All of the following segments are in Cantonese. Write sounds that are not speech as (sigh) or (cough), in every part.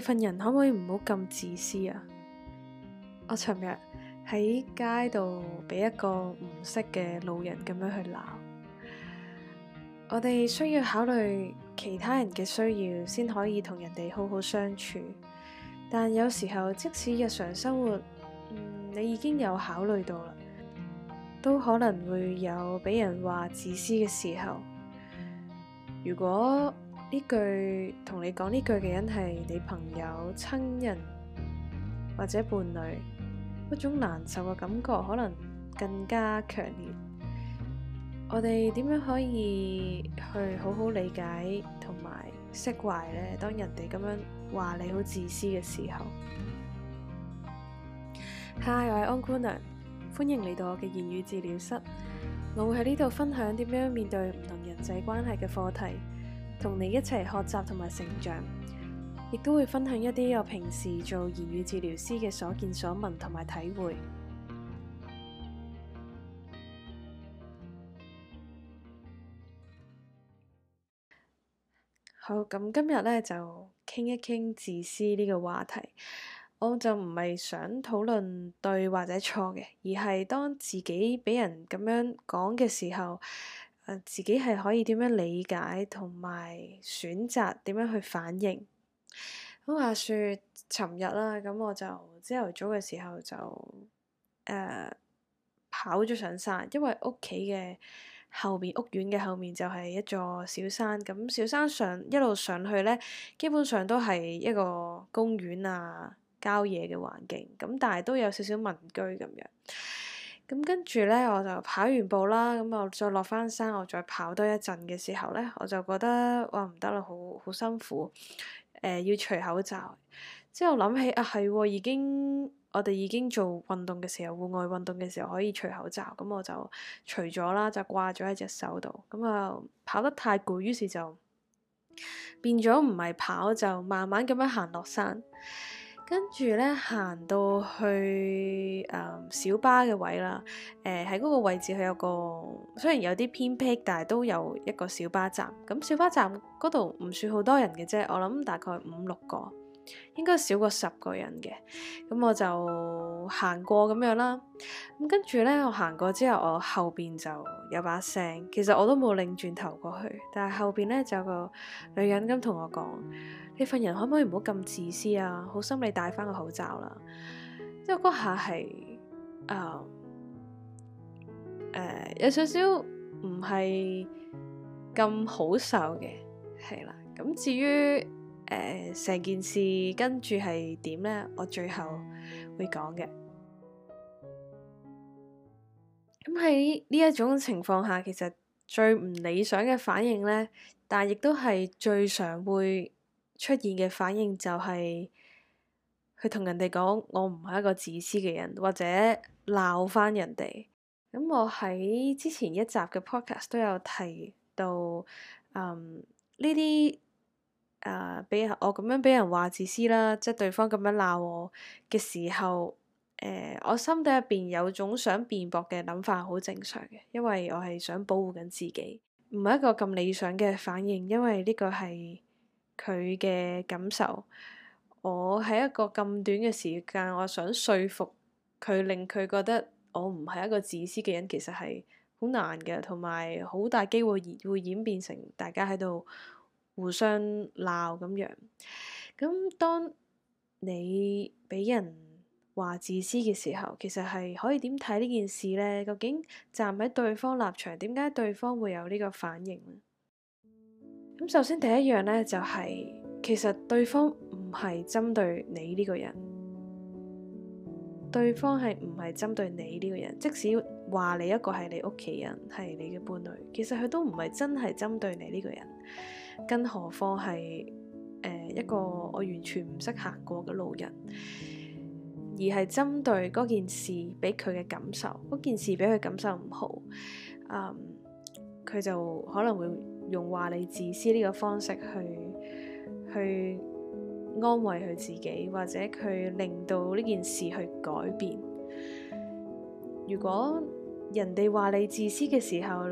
你份人可唔可以唔好咁自私啊？我尋日喺街度俾一個唔識嘅路人咁樣去鬧，我哋需要考慮其他人嘅需要先可以同人哋好好相處。但有時候即使日常生活，嗯，你已經有考慮到啦，都可能會有俾人話自私嘅時候。如果呢句同你講呢句嘅人係你朋友、親人或者伴侶，嗰種難受嘅感覺可能更加強烈。我哋點樣可以去好好理解同埋釋懷呢？當人哋咁樣話你好自私嘅時候，嗨，我係安姑娘，歡迎嚟到我嘅言語治療室。我會喺呢度分享點樣面對唔同人際關係嘅課題。同你一齊學習同埋成長，亦都會分享一啲我平時做言語治療師嘅所見所聞同埋體會。好，咁今日呢，就傾一傾自私呢個話題。我就唔係想討論對或者錯嘅，而係當自己俾人咁樣講嘅時候。自己係可以點樣理解同埋選擇點樣去反應？咁話說，尋日啦，咁我就朝頭早嘅時候就誒、呃、跑咗上山，因為屋企嘅後面、屋苑嘅後面就係一座小山，咁小山上一路上去呢，基本上都係一個公園啊、郊野嘅環境，咁但係都有少少民居咁樣。咁跟住咧，我就跑完步啦，咁我再落翻山，我再跑多一陣嘅時候咧，我就覺得哇唔得啦，好好辛苦，誒、呃、要除口罩。之後諗起啊係，已經我哋已經做運動嘅時候，戶外運動嘅時候可以除口罩，咁我就除咗啦，就掛咗喺隻手度。咁、嗯、啊跑得太攰，於是就變咗唔係跑，就慢慢咁樣行落山。跟住咧，行到去、呃、小巴嘅位啦。誒喺嗰個位置個，佢有個雖然有啲偏僻，但係都有一個小巴站。咁小巴站嗰度唔算好多人嘅啫，我諗大概五六個，應該少過十個人嘅。咁我就行過咁樣啦。咁跟住咧，我行過之後，我後邊就有把聲。其實我都冇擰轉頭過去，但係後邊咧就有個女人咁同我講。你份人可唔可以唔好咁自私啊？好心你戴返個口罩啦，因為嗰下係啊，誒、嗯呃、有少少唔係咁好受嘅係啦。咁至於誒成件事跟住係點咧，我最後會講嘅。咁喺呢一種情況下，其實最唔理想嘅反應咧，但亦都係最常會。出現嘅反應就係佢同人哋講我唔係一個自私嘅人，或者鬧翻人哋。咁我喺之前一集嘅 podcast 都有提到，嗯，呢啲，呃，我咁樣俾人話自私啦，即係對方咁樣鬧我嘅時候，呃，我心底入邊有種想辯駁嘅諗法，好正常嘅，因為我係想保護緊自己，唔係一個咁理想嘅反應，因為呢個係，佢嘅感受，我喺一個咁短嘅時間，我想說服佢，令佢覺得我唔係一個自私嘅人，其實係好難嘅，同埋好大機會會演變成大家喺度互相鬧，咁樣，咁當你俾人話自私嘅時候，其實係可以點睇呢件事咧？究竟站喺對方立場，點解對方會有呢個反應？咁首先第一樣咧、就係，就係其實對方唔係針對你呢個人，對方係唔係針對你呢個人，即使話你一個係你屋企人，係你嘅伴侶，其實佢都唔係真係針對你呢個人，更何況係誒一個我完全唔識行過嘅路人，而係針對嗰件事俾佢嘅感受，嗰件事俾佢感受唔好，嗯，佢就可能會。用話你自私呢個方式去去安慰佢自己，或者佢令到呢件事去改變。如果人哋話你自私嘅時候，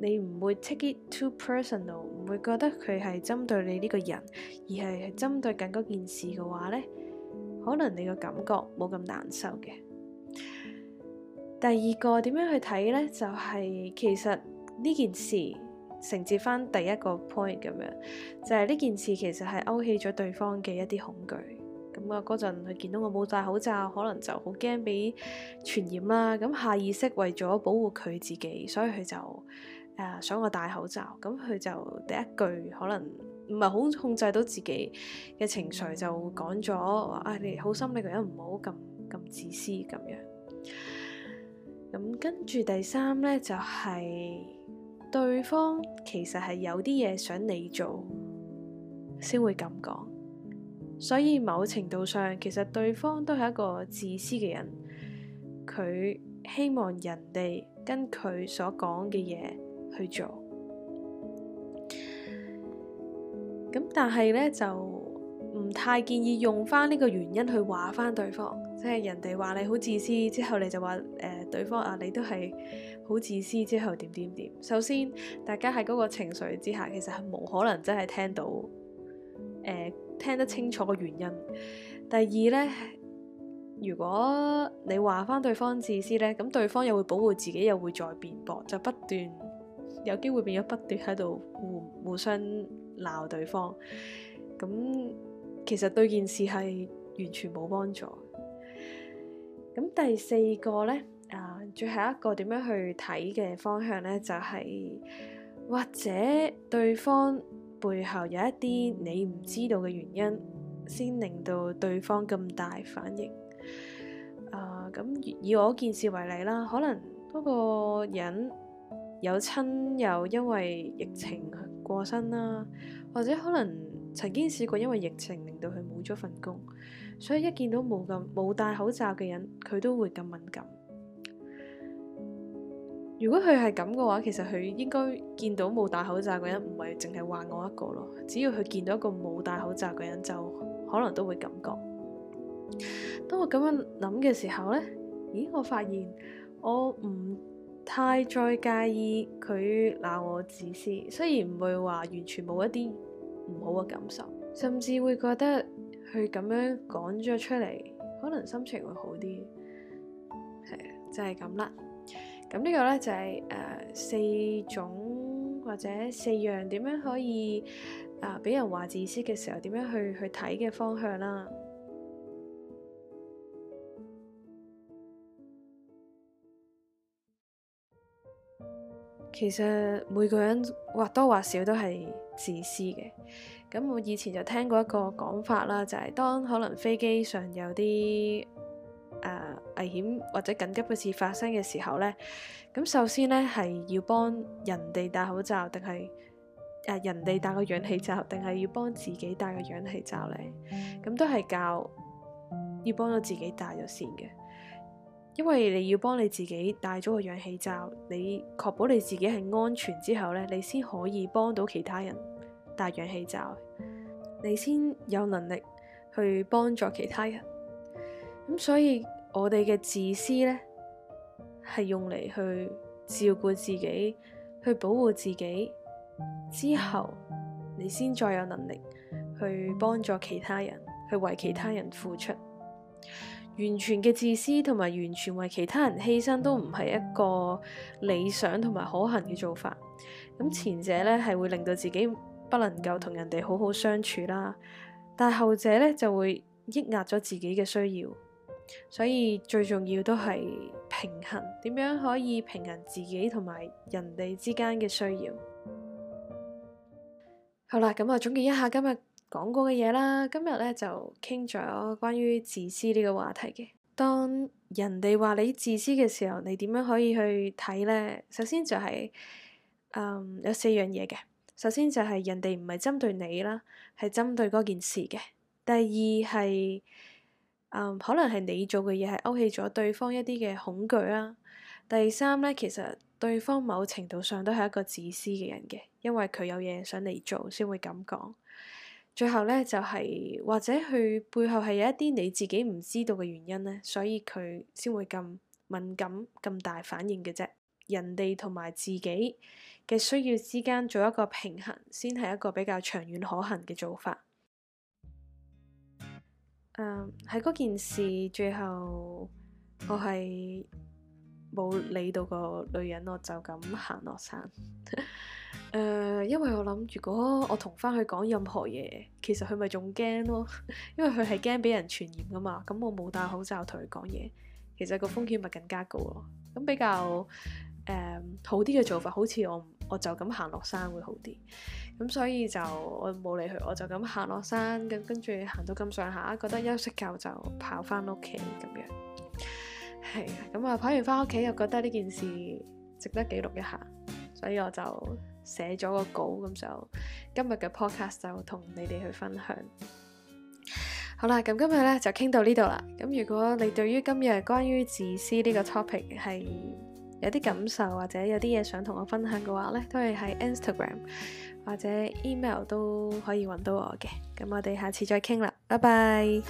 你唔會 take it too personal，唔會覺得佢係針對你呢個人，而係係針對緊嗰件事嘅話呢，可能你個感覺冇咁難受嘅。第二個點樣去睇呢？就係、是、其實呢件事。承接翻第一個 point 咁樣，就係、是、呢件事其實係勾起咗對方嘅一啲恐懼。咁啊，嗰陣佢見到我冇戴口罩，可能就好驚俾傳染啦。咁下意識為咗保護佢自己，所以佢就誒、呃、想我戴口罩。咁佢就第一句可能唔係好控制到自己嘅情緒，就講咗話，啊，你好心，你個人唔好咁咁自私咁樣。咁跟住第三呢就係、是。對方其實係有啲嘢想你做，先會咁講。所以某程度上，其實對方都係一個自私嘅人，佢希望人哋跟佢所講嘅嘢去做。咁但係咧，就唔太建議用翻呢個原因去話翻對方。即係人哋話你好自私，之後你就話誒、呃、對方啊，你都係好自私。之後點點點。首先，大家喺嗰個情緒之下，其實係冇可能真係聽到誒、呃、聽得清楚個原因。第二呢，如果你話返對方自私呢，咁對方又會保護自己，又會再辯駁，就不斷有機會變咗不斷喺度互互相鬧對方。咁其實對件事係完全冇幫助。咁第四個呢，啊，最後一個點樣去睇嘅方向呢，就係或者對方背後有一啲你唔知道嘅原因，先令到對方咁大反應。啊，咁以我件事為例啦，可能嗰個人有親友因為疫情過身啦，或者可能曾經試過因為疫情令到佢冇咗份工。所以一見到冇咁冇戴口罩嘅人，佢都會咁敏感。如果佢係咁嘅話，其實佢應該見到冇戴口罩嘅人，唔係淨係話我一個咯。只要佢見到一個冇戴口罩嘅人，就可能都會感覺。當我咁樣諗嘅時候呢，咦？我發現我唔太再介意佢鬧我自私，雖然唔會話完全冇一啲唔好嘅感受，甚至會覺得。去咁樣講咗出嚟，可能心情會好啲，係就係咁啦。咁呢個咧就係、是、誒、呃、四種或者四樣點樣可以啊俾、呃、人話自私嘅時候，點樣去去睇嘅方向啦。其實每個人或多或少都係自私嘅。咁我以前就聽過一個講法啦，就係、是、當可能飛機上有啲、呃、危險或者緊急嘅事發生嘅時候呢，咁首先呢係要幫人哋戴口罩，定係、呃、人哋戴個氧氣罩，定係要幫自己戴個氧氣罩呢？咁都係教要幫到自己戴咗先嘅。因為你要幫你自己戴咗個氧氣罩，你確保你自己係安全之後咧，你先可以幫到其他人戴氧氣罩，你先有能力去幫助其他人。咁所以我哋嘅自私咧，係用嚟去照顧自己、去保護自己之後，你先再有能力去幫助其他人，去為其他人付出。完全嘅自私同埋完全為其他人犧牲都唔係一個理想同埋可行嘅做法。咁前者咧係會令到自己不能夠同人哋好好相處啦，但係後者咧就會抑壓咗自己嘅需要。所以最重要都係平衡，點樣可以平衡自己同埋人哋之間嘅需要？好啦，咁我總結一下今日。講過嘅嘢啦，今日咧就傾咗關於自私呢個話題嘅。當人哋話你自私嘅時候，你點樣可以去睇咧？首先就係，嗯，有四樣嘢嘅。首先就係人哋唔係針對你啦，係針對嗰件事嘅。第二係，嗯，可能係你做嘅嘢係勾起咗對方一啲嘅恐懼啦。第三咧，其實對方某程度上都係一個自私嘅人嘅，因為佢有嘢想你做，先會咁講。最後呢、就係，就係或者佢背後係有一啲你自己唔知道嘅原因呢，所以佢先會咁敏感、咁大反應嘅啫。人哋同埋自己嘅需要之間做一個平衡，先係一個比較長遠可行嘅做法。喺、um, 嗰件事最後，我係冇理到個女人，我就咁行落山。 (laughs) 誒，uh, 因為我諗，如果我同翻佢講任何嘢，其實佢咪仲驚咯， (laughs) 因為佢係驚俾人傳染噶嘛。咁我冇戴口罩同佢講嘢，其實個風險咪更加高咯。咁比較誒、um, 好啲嘅做法，好似我我就咁行落山會好啲。咁所以就我冇理佢，我就咁行落山，咁跟住行到咁上下，覺得休息夠就跑翻屋企咁樣。係咁啊，跑完翻屋企又覺得呢件事值得記錄一下，所以我就。寫咗個稿，咁就今日嘅 podcast 就同你哋去分享。好啦，咁今日呢就傾到呢度啦。咁如果你對於今日關於自私呢個 topic 係有啲感受或者有啲嘢想同我分享嘅話呢，都係喺 Instagram 或者 email 都可以揾到我嘅。咁我哋下次再傾啦，拜拜。